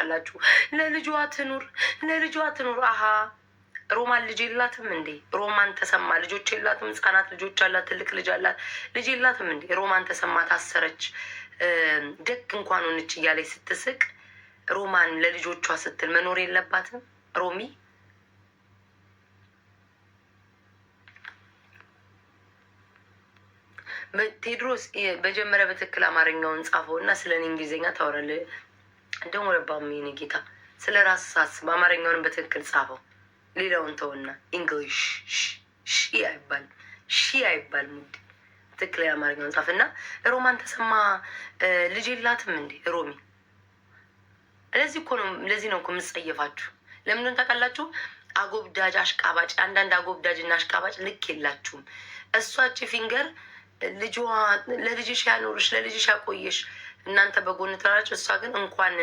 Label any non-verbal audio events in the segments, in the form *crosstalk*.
አላችሁ ለልጇ ትኑር ለልጇ ትኑር። አሀ ሮማን ልጅ የላትም እንዴ? ሮማን ተሰማ ልጆች የላትም? ህጻናት ልጆች አላት፣ ትልቅ ልጅ አላት። ልጅ የላትም እንዴ? ሮማን ተሰማ ታሰረች፣ ደግ እንኳን ሆነች እያለች ስትስቅ፣ ሮማን ለልጆቿ ስትል መኖር የለባትም ሮሚ? ቴድሮስ መጀመሪያ በትክክል አማርኛውን ጻፈው እና ስለ እኔ እንግሊዝኛ ታወራለህ ወለባም ይህን ጌታ ስለ ራስ ሳስብ አማርኛውንም በትክክል ጻፈው። ሌላውን ተውና ኢንግሊሽ ሺ አይባልም ሺ አይባልም። ውድ ትክክል አማርኛውን ጻፍና ሮማን ተሰማ ልጅ የላትም እንዴ ሮሚ? ለዚህ እኮ ነው ለዚህ ነው እኮ የምትጸየፋችሁ። ለምንድን ታውቃላችሁ? አጎብዳጅ አሽቃባጭ፣ አንዳንድ እና አሽቃባጭ ልክ የላችሁም። እሷች ፊንገር ልጅዋ ለልጅሽ ያኖርሽ ለልጅሽ ያቆየሽ እናንተ በጎን ትላላችሁ፣ እሷ ግን እንኳን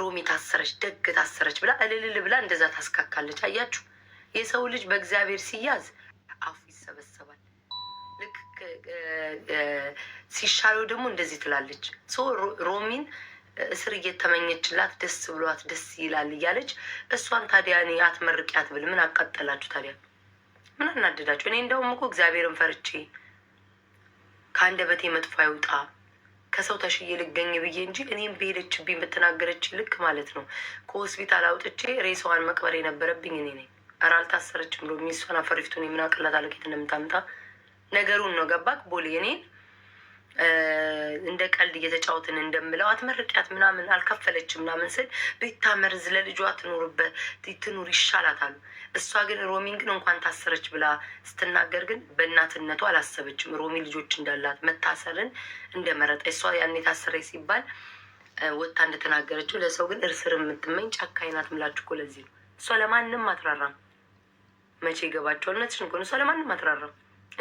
ሮሚ ታሰረች ደግ ታሰረች ብላ እልልል ብላ እንደዛ ታስካካለች። አያችሁ፣ የሰው ልጅ በእግዚአብሔር ሲያዝ አፉ ይሰበሰባል። ልክ ሲሻለው ደግሞ እንደዚህ ትላለች። ሶ ሮሚን እስር እየተመኘችላት ደስ ብሏት ደስ ይላል እያለች እሷን ታዲያ እኔ አትመርቂያት ብል ምን አቃጠላችሁ ታዲያ? ምን አናደዳችሁ? እኔ እንደውም እኮ እግዚአብሔርን ፈርቼ ከአንደበቴ መጥፎ አይውጣ ከሰው ተሽዬ ልገኝ ብዬ እንጂ እኔም በሄደችብኝ በተናገረች ልክ ማለት ነው ከሆስፒታል አውጥቼ ሬሳዋን መቅበር የነበረብኝ እኔ ነኝ። ኧረ አልታሰረችም ብሎ ሚስቷን አፈሪፍቱን የምናቅላት አለቄት እንደምታምጣ ነገሩን ነው ገባክ ቦሌ እኔን እንደ ቀልድ እየተጫወትን እንደምለው አትመርቂያት ምናምን አልከፈለች ምናምን ስል ቤታ መርዝ ለልጇ ትኑርበት ትኑር ይሻላታል። እሷ ግን ሮሚን ግን እንኳን ታሰረች ብላ ስትናገር ግን በእናትነቱ አላሰበችም። ሮሚ ልጆች እንዳላት መታሰርን እንደመረጠ እሷ ያን ታሰረች ሲባል ወታ እንደተናገረችው ለሰው ግን እርስር የምትመኝ ጨካኝ ናት ምላችሁ እኮ ለዚህ ነው። እሷ ለማንም አትራራም። መቼ ይገባቸዋል? እውነትሽን እኮ ነው። እሷ ለማንም አትራራም።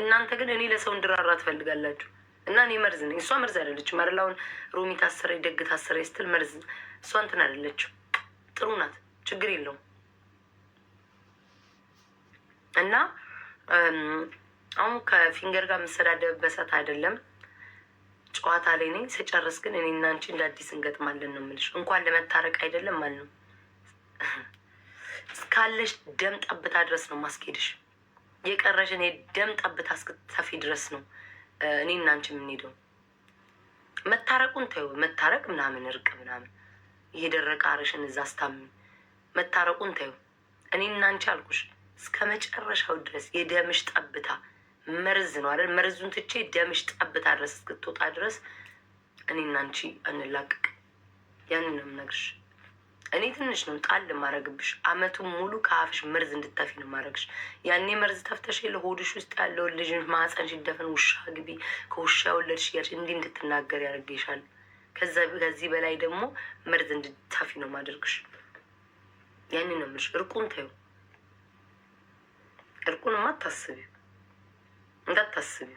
እናንተ ግን እኔ ለሰው እንድራራ ትፈልጋላችሁ። እና እኔ መርዝ ነኝ፣ እሷ መርዝ አይደለችም። አደላሁን ሮሚ ታሰረ ደግ ታሰረ ስትል መርዝ እሷ እንትን አይደለችም። ጥሩ ናት፣ ችግር የለውም። እና አሁን ከፊንገር ጋር የምሰዳደብበት ሰዓት አይደለም። ጨዋታ ላይ ነኝ። ስጨርስ ግን እኔ እና አንቺ እንደ አዲስ እንገጥማለን ነው የምልሽ። እንኳን ለመታረቅ አይደለም ማለት ነው እስካለሽ ደም ጠብታ ድረስ ነው ማስኬድሽ። የቀረሽን የደም ጠብታ እስክትተፊ ድረስ ነው እኔ እና አንቺ የምንሄደው መታረቁን ተዩ። መታረቅ ምናምን እርቅ ምናምን ይሄ ደረቀ አርሽን እዛ አስታምን መታረቁን ተዩ። እኔ እና አንቺ አልኩሽ እስከ መጨረሻው ድረስ የደምሽ ጠብታ መርዝ ነው አይደል? መርዙን ትቼ ደምሽ ጠብታ ድረስ እስክትወጣ ድረስ እኔ እና አንቺ እንላቅቅ። ያንን ነው የምነግርሽ። እኔ ትንሽ ነው ጣል የማረግብሽ። አመቱን ሙሉ ከአፍሽ መርዝ እንድተፊ ነው ያኔ መርዝ ተፍተሽ ለሆድሽ ውስጥ ያለውን ልጅ ማህፀን ሲደፈን ውሻ ግቢ ከውሻ ወለድሽ እያልሽ እንዲህ እንድትናገር ያደርግሻል። ከዚህ በላይ ደግሞ መርዝ እንድተፊ ነው ማደርግሽ። ያኔ ነው የምልሽ። እርቁን ታዩ እርቁንማ አታስቢው፣ እንዳታስቢው።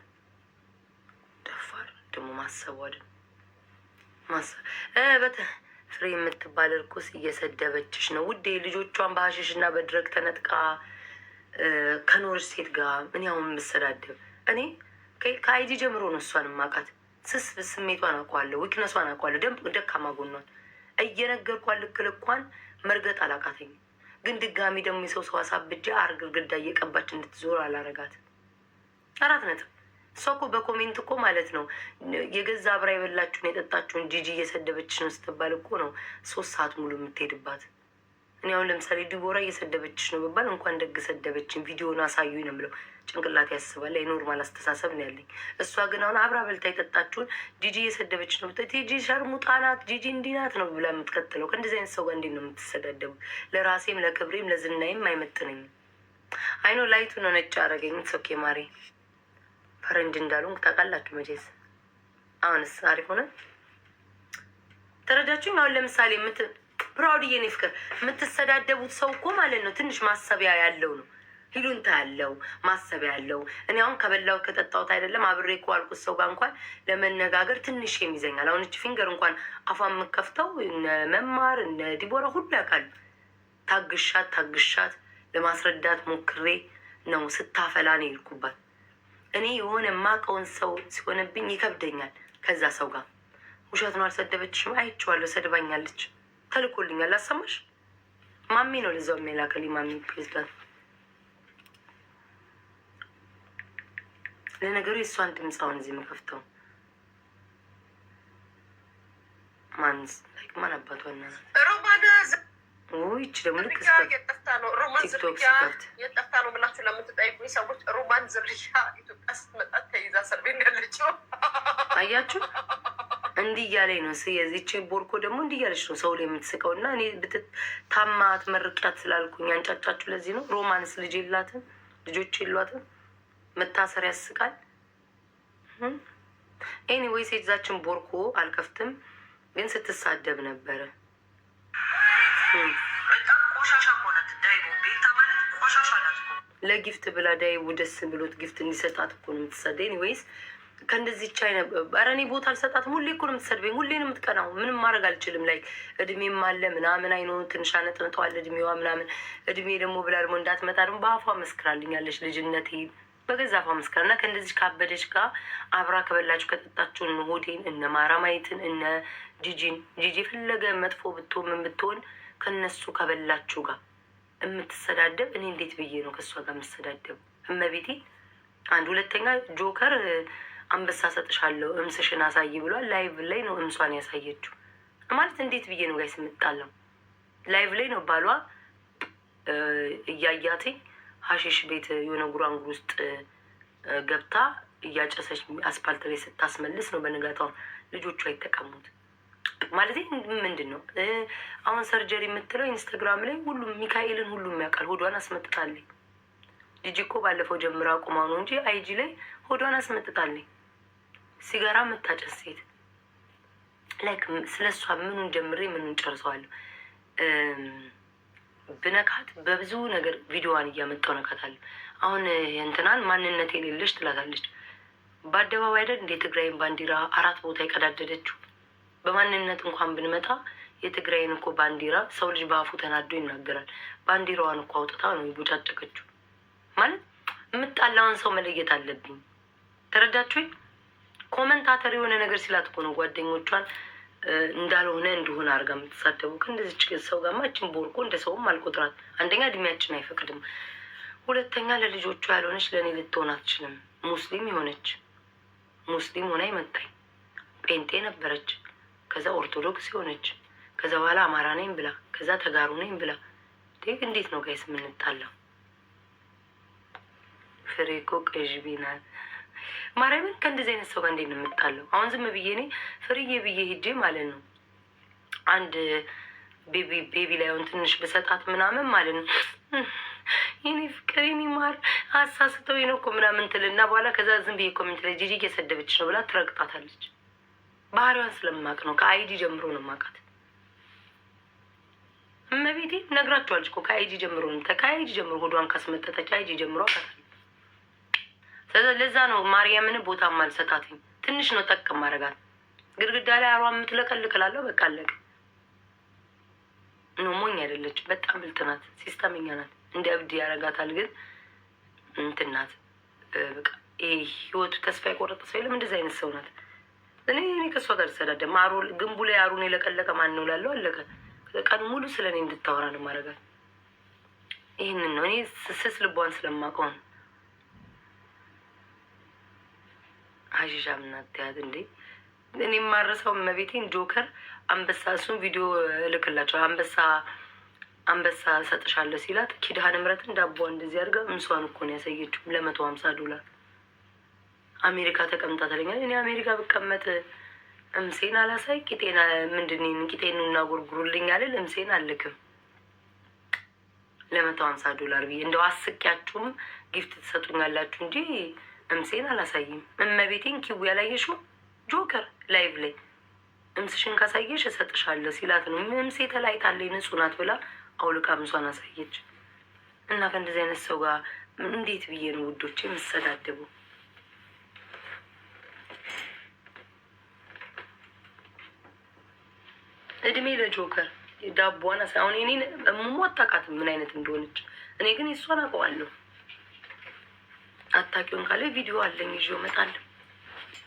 ደፋር ደግሞ ማሰብ አይደል ማሰብ ፍሬ የምትባል እርኩስ እየሰደበችሽ ነው ውዴ። ልጆቿን በሀሽሽ እና በድረግ ተነጥቃ ከኖረች ሴት ጋር ምን አሁን የምሰዳደብ እኔ ከአይዲ ጀምሮ ነው እሷን ማቃት። ስስ ስሜቷን አውቀዋለሁ፣ ዊክነሷን አውቀዋለሁ፣ ደንብ ደካማ ጎኗን እየነገርኳ ልክል እኳን መርገጥ አላቃተኝ። ግን ድጋሚ ደግሞ የሰው ሰው አሳብጃ አር እየቀባች እንድትዞር አላረጋት አራት ነጥብ ሰው እኮ በኮሜንት እኮ ማለት ነው የገዛ አብራ የበላችሁን የጠጣችሁን ጂጂ እየሰደበች ነው ስትባል እኮ ነው ሶስት ሰዓት ሙሉ የምትሄድባት። እኔ አሁን ለምሳሌ ዲቦራ እየሰደበችሽ ነው ብባል እንኳን ደግ ሰደበችን ቪዲዮን አሳዩኝ ነው የምለው። ጭንቅላት ያስባል። ኖርማል አስተሳሰብ ነው ያለኝ። እሷ ግን አሁን አብራ በልታ የጠጣችሁን ጂጂ እየሰደበች ነው ብት ጂጂ ሸርሙጣ ናት፣ ጂጂ እንዲናት ነው ብላ የምትቀጥለው። ከእንደዚህ አይነት ሰው ጋር እንዴት ነው የምትሰዳደቡ? ለራሴም ለክብሬም ለዝናይም አይመጥነኝም። አይኖ ላይቱ ነው ነጭ አረገኝ ሶኬ ማሬ ፈረንጅ እንዳሉ ታውቃላችሁ መቼስ። አሁንስ አሪፍ ሆነ። ተረዳችሁኝ? አሁን ለምሳሌ ምት ፕራውድ የኔ ፍቅር የምትሰዳደቡት ሰው እኮ ማለት ነው ትንሽ ማሰቢያ ያለው ነው ሂሉንታ ያለው ማሰቢያ ያለው። እኔ አሁን ከበላው ከጠጣሁት አይደለም አብሬ ከዋልኩት ሰው ጋር እንኳን ለመነጋገር ትንሽ የሚዘኛል። አሁን እች ፊንገር እንኳን አፏ የምከፍተው እነ መማር እነ ዲቦራ ሁሉ ያውቃሉ። ታግሻት ታግሻት ለማስረዳት ሞክሬ ነው ስታፈላ ነው የሄድኩባት። እኔ የሆነ የማውቀውን ሰው ሲሆንብኝ ይከብደኛል ከዛ ሰው ጋር ውሸት ነው አልሰደበችሽም አይቼዋለሁ ሰድባኛለች ተልኮልኛል አሰማሽ ማሚ ነው ለዛው የሚላከል ማሚ ፕሬዚዳንት ለነገሩ የእሷን ድምፅ አሁን እዚህ የምከፍተው ማንስ ማን አባቷ እናት ይች ደግሞ ልክ የጠፍታ ነው ሮማን ዝርያ የጠፍታ ነው ብላችሁ ለምትጠይቁኝ ሰዎች ሮማን ዝርያ ኢትዮጵያ ስትመጣ ተይዛ እስር ቤት ያለችው አያችሁ። እንዲህ እያለኝ ነው የዚች ቦርኮ ደግሞ እንዲህ እያለች ነው ሰው ላይ የምትስቀው እና እኔ ብትታማት መርቂያት ስላልኩኝ አንጫጫችሁ። ለዚህ ነው ሮማንስ ልጅ የላትም ልጆች የሏትም። መታሰር ያስቃል። ኤኒዌይስ የዛችን ቦርኮ አልከፍትም፣ ግን ስትሳደብ ነበረ በጣም ቆሻሻ ሆነት ዳይቦ ቤታ ማለት ቆሻሻ ናት። ለጊፍት ብላ ዳይቦ ደስ ብሎት ጊፍት እንዲሰጣት እኮ ነው የምትሰደኝ ወይስ ከእንደዚህ ቻይና ኧረ እኔ ቦታ አልሰጣትም። ሁሌ እኮ ነው የምትሰድበኝ፣ ሁሌ ነው የምትቀናው። ምንም ማድረግ አልችልም። ላይ እድሜም አለ ምናምን አይኖ ትንሽ አነጥንጠዋል እድሜዋ ምናምን እድሜ ደግሞ ብላ ደግሞ እንዳትመጣ ደግሞ በአፏ መስክራልኛለች። ልጅነት በገዛ አፏ መስክራ እና ከእንደዚህ ካበደች ጋር አብራ ከበላችሁ ከጠጣችሁ እነ ሆዴን እነ ማራማይትን እነ ጂጂን ጂጂ የፈለገ መጥፎ ብትሆን ምን ብትሆን ከነሱ ከበላችሁ ጋር የምትሰዳደብ እኔ እንዴት ብዬ ነው ከእሷ ጋር የምትሰዳደቡ? እመቤቴ አንድ ሁለተኛ ጆከር አንበሳ ሰጥሻለሁ እምስሽን አሳይ ብሏል። ላይቭ ላይ ነው እምሷን ያሳየችው። ማለት እንዴት ብዬ ነው ጋይስ የምጣለው? ላይቭ ላይ ነው ባሏ እያያትኝ ሀሺሽ ቤት የሆነ ጉራንጉ ውስጥ ገብታ እያጨሰች አስፓልት ላይ ስታስመልስ ነው። በንጋታውን ልጆቿ አይጠቀሙት ማለት ምንድን ነው አሁን ሰርጀሪ የምትለው ኢንስታግራም ላይ ሁሉም ሚካኤልን ሁሉም ያውቃል። ሆዷን አስመጥታለኝ። ልጅ እኮ ባለፈው ጀምራ አቁማ ነው እንጂ አይጂ ላይ ሆዷን አስመጥታለኝ። ሲጋራ መታጨስ ሴት ላይክ ስለ እሷ ምኑን ጀምሬ ምኑን ጨርሰዋለሁ። ብነካት በብዙ ነገር ቪዲዮዋን እያመጣው ነካታለሁ። አሁን እንትናን ማንነት የሌለች ትላታለች። በአደባባይ ደን እንደ ትግራይን ባንዲራ አራት ቦታ የቀዳደደችው በማንነት እንኳን ብንመጣ የትግራይን እኮ ባንዲራ ሰው ልጅ በአፉ ተናዶ ይናገራል። ባንዲራዋን እኮ አውጥታ ነው የቦጫጨቀችው። ማለት የምጣላውን ሰው መለየት አለብኝ። ተረዳችሁኝ? ኮመንታተር የሆነ ነገር ሲላት እኮ ነው ጓደኞቿን እንዳልሆነ እንደሆነ አድርጋ የምትሳደቡ። ከእንደዚች ሰው ጋማ እችን ቦርቆ እንደ ሰውም አልቆጥራት። አንደኛ እድሜያችን አይፈቅድም፣ ሁለተኛ ለልጆቿ ያልሆነች ለእኔ ልትሆን አትችልም። ሙስሊም የሆነች ሙስሊም ሆና ይመጣኝ ጴንጤ ነበረች ከዛ ኦርቶዶክስ የሆነች ከዛ በኋላ አማራ ነኝ ብላ ከዛ ተጋሩ ነኝ ብላ እንዴት ነው ጋይስ የምንጣለው ፍሬ እኮ ቀዥቢ ማርያምን ከእንደዚህ አይነት ሰው ጋር እንዴት ነው የምጣለው? አሁን ዝም ብዬ እኔ ፍሬዬ ብዬ ሂጄ ማለት ነው አንድ ቤቢ ላይሆን ትንሽ ብሰጣት ምናምን ማለት ነው የኔ ፍቅር የኔ ማር አሳስተው ነው እኮ ምናምን ትልና በኋላ ከዛ ዝም ብዬ ኮሜንት ላይ ጂጂ እየሰደበች ነው ብላ ትረግጣታለች። ባህሪዋን ስለማቅ ነው። ከአይዲ ጀምሮ ነው ማቃት። እመቤቴ ነግራቸዋለች እኮ ከአይዲ ጀምሮ ነው ከአይዲ ጀምሮ ሆዷን ካስመጠጠች አይዲ ጀምሮ አቃታል። ለዛ ነው ማርያምን ቦታ ማልሰጣትኝ። ትንሽ ነው ጠቅም ማድረጋት ግድግዳ ላይ አሯ የምትለቀልቅላለሁ። በቃ አለቅ ኖ ሞኝ አይደለች። በጣም ብልጥ ናት። ሲስተምኛ ናት። እንደ እብድ ያደርጋታል ግን እንትናት። በቃ ይህ ህይወቱ ተስፋ የቆረጠ ሰው የለም። እንደዚህ አይነት ሰው ናት። እኔ እኔ ከእሷ ጋር ተሰዳደም አሮ ግንቡ ላይ አሩን የለቀለቀ ማን ነው ላለው አለቀ። ቀን ሙሉ ስለ እኔ እንድታወራ ነው ማድረጋል። ይህንን ነው እኔ ስስ ልቧን ስለማውቀው ነው። ሀሺሻ ምናትያት እንዴ እኔ የማረሰው መቤቴን ጆከር አንበሳ እሱን ቪዲዮ እልክላቸው አንበሳ አንበሳ ሰጥሻለሁ ሲላት ኪዳነ ምሕረትን ዳቦ እንደዚህ አድርጋ እምሷን እኮ ነው ያሳየችው ለመቶ ሀምሳ ዶላር አሜሪካ ተቀምጣ ትለኛለች። እኔ አሜሪካ ብቀመጥ እምሴን አላሳይ ቂጤና ምንድን ቂጤኑ እናጎርጉሩልኝ አልል። እምሴን አልክም ለመቶ ሀምሳ ዶላር ብዬ እንደው አስቂያችሁም ጊፍት ትሰጡኛላችሁ እንጂ እምሴን አላሳይም። እመቤቴን ኪው ያላየሽው ጆከር ላይቭ ላይ እምስሽን ካሳየሽ እሰጥሻለሁ ሲላት ነው። እምሴ ተላይታለች ንጹህ ናት ብላ አውልቃ ምሷን አሳየች። እና ከእንደዚህ አይነት ሰው ጋር እንዴት ብዬ ነው ውዶቼ የምሰዳደበው? እድሜ ለጆከር ዳቦዋና ሳይሆን እኔን የምሞት አውቃትም ምን አይነት እንደሆነች። እኔ ግን የእሷን አውቀዋለሁ። አታውቂውም ካለ ቪዲዮ አለኝ ይዤ እመጣለሁ።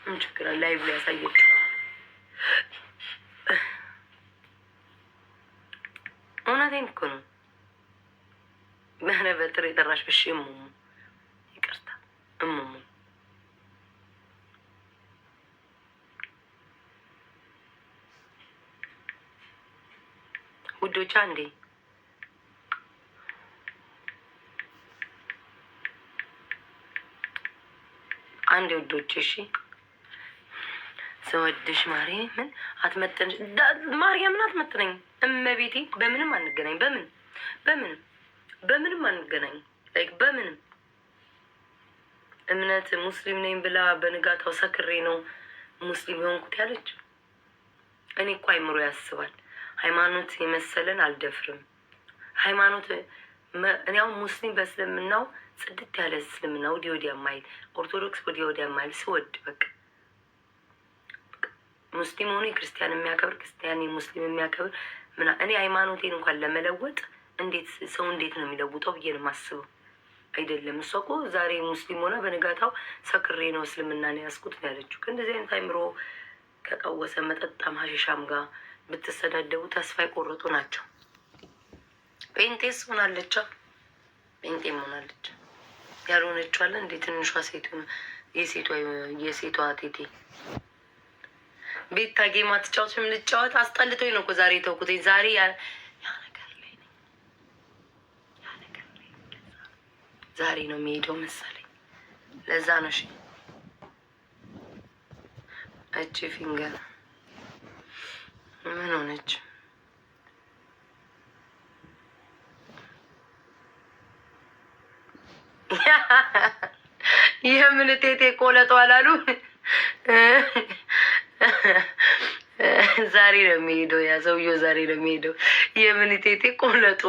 ምን ችግር አለ? ላይቭ ላይ ያሳየችው እውነቴን እኮ ነው። በህነ በጥር የጠራሽ ብሽ እሙሙ ይቅርታ እሙሙ ውዶቻ እንዴ አንድ ውዶች፣ እሺ ስወድሽ ማሪ ምን አትመጥን ማርያምን አትመጥነኝ። እመቤቴ በምንም አንገናኝ፣ በምን በምንም በምንም አንገናኝ፣ በምንም እምነት ሙስሊም ነኝ ብላ በንጋታው ሰክሬ ነው ሙስሊም የሆንኩት ያለችው። እኔ እኮ አይምሮ ያስባል። ሃይማኖት የመሰለን አልደፍርም። ሃይማኖት እኔያው ሙስሊም በእስልምናው ጽድት ያለ እስልምና ወዲ ወዲያ ማይል ኦርቶዶክስ ወዲ ወዲያ ማይል ስወድ በቃ ሙስሊም ሆኖ የክርስቲያን የሚያከብር ክርስቲያን የሙስሊም የሚያከብር ምና እኔ ሃይማኖቴን እንኳን ለመለወጥ እንዴት ሰው እንዴት ነው የሚለውጠው ብዬ ነው የማስበው። አይደለም እሷ እኮ ዛሬ ሙስሊም ሆነ በንጋታው ሰክሬ ነው እስልምና ነው ያስኩት ነው ያለችው። ከእንደዚህ አይነት አይምሮ ከቀወሰ መጠጣም ሀሸሻም ጋር ብትሰዳደቡ ተስፋ የቆረጡ ናቸው። ጴንጤስ ሆናለቻ ጴንጤ ሆናለች ያልሆነችዋለ እንዴ ትንሿ ሴቱ የሴቷ የሴቷ ቴቴ ቤት ታጌማ ትጫወትም ልጫወት አስጠልቶኝ ነው እኮ ዛሬ ተውኩትኝ። ዛሬ ያ ዛሬ ነው የሚሄደው መሰለኝ። ለዛ ነው እሺ እቺ ፊንገር *laughs* ምን ሆነች? የምን ቴቴ ቆለጦ አላሉ። ዛሬ ነው የሚሄደው፣ ያ ሰውዬው ዛሬ ነው የሚሄደው። የምን ቴቴ ቆለጦ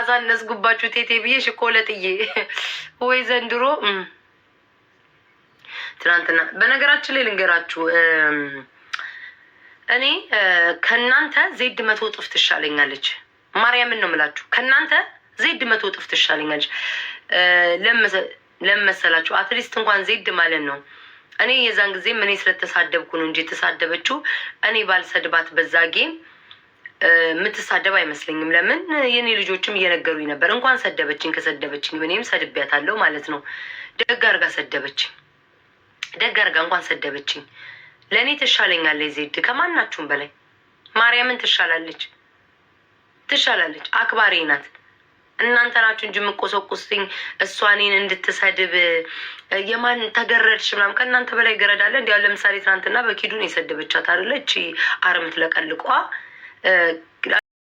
አሳነስጉባችሁ ቴቴ ብዬሽ ቆለጥዬ። ወይ ዘንድሮ ትናንትና፣ በነገራችን ላይ ልንገራችሁ እኔ ከእናንተ ዜድ መቶ እጥፍ ትሻለኛለች። ማርያምን ነው የምላችሁ፣ ከእናንተ ዜድ መቶ እጥፍ ትሻለኛለች። ለመሰላችሁ አትሊስት እንኳን ዜድ ማለት ነው እኔ የዛን ጊዜ እኔ ስለተሳደብኩ ነው እንጂ የተሳደበችው እኔ ባልሰድባት በዛ ጌ የምትሳደብ አይመስለኝም። ለምን የኔ ልጆችም እየነገሩኝ ነበር። እንኳን ሰደበችኝ፣ ከሰደበችኝ እኔም አለው ማለት ነው። ደግ አርጋ ሰደበችኝ፣ ደግ አርጋ እንኳን ሰደበችኝ። ለእኔ ትሻለኛለች ዜድ ከማናችሁም በላይ ማርያምን ትሻላለች ትሻላለች። አክባሪ ናት። እናንተ ናችሁ እንጂ የምቆሰቁስኝ እሷ እኔን እንድትሰድብ የማን ተገረድሽ ምናምን ከእናንተ በላይ ገረዳለ እንዲ ለምሳሌ ትናንትና በኪዱን የሰደበቻት አደለች አርምት ለቀልቋ